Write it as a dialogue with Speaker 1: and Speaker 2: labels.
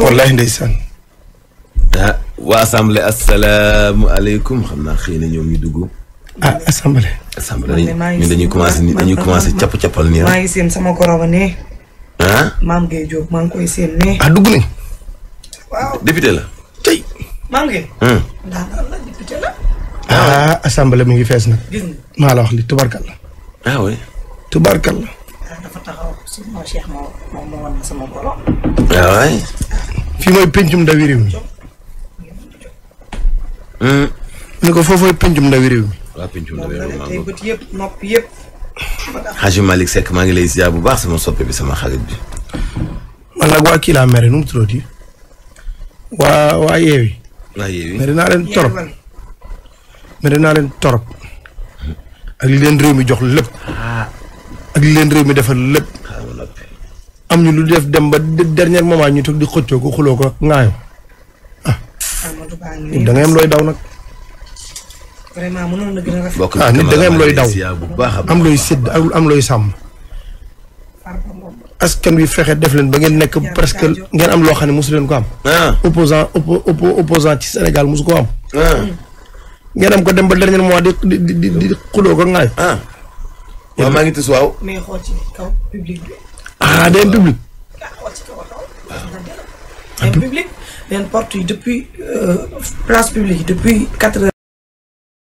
Speaker 1: wallahi ndeysaan ah waa assemblée asalaamaaleykum xam na ñoom ñu dugg. ah assemblée. dañuy commencé ni dañuy commencé capp cappal nii rek. maa ngi seen sama koroba ne. maa ngi koy seen ne. ah dugg nañ. Ah, ngi fees nag. gis maa la wax li tubarkal ah, fii mooy pencum ndawi réew mi. ne ko foofu mooy pencum ndawi réew mi. waaw pencum ndawi réew mi maa ngi bët yëpp nopp yëpp. Haji Malick Seck maa ngi lay ziar bu baax sama soppe bi sama xarit bi. man nag waa kii laa mere nu mu tuddati waa waa yeewi. waa yeewi mere naa leen torop mere naa leen torop. ak li leen réew mi jox lépp. ak li leen réew mi defal lépp. am ñu lu def dem ba dernier moment ñu toog di xëccoo ko xulo ko ngaay ah da ngay am loy daw nak vraiment mënoon na gëna rafet ah nit da ngay am looy daw am am askan wi fexé def leen ba ngeen nek presque ngeen am lo xamné musu leen ko am ah. opposant opposant ci Sénégal musu ko am ah. ngeen am ko dem ba dernier mois di di di xulo ko ngaay ah waaw ngi tiss waw mais xool kaw public ah day am public. waaw. de public. leen porte yi depuis euh, place publique yi depuis quatre heures.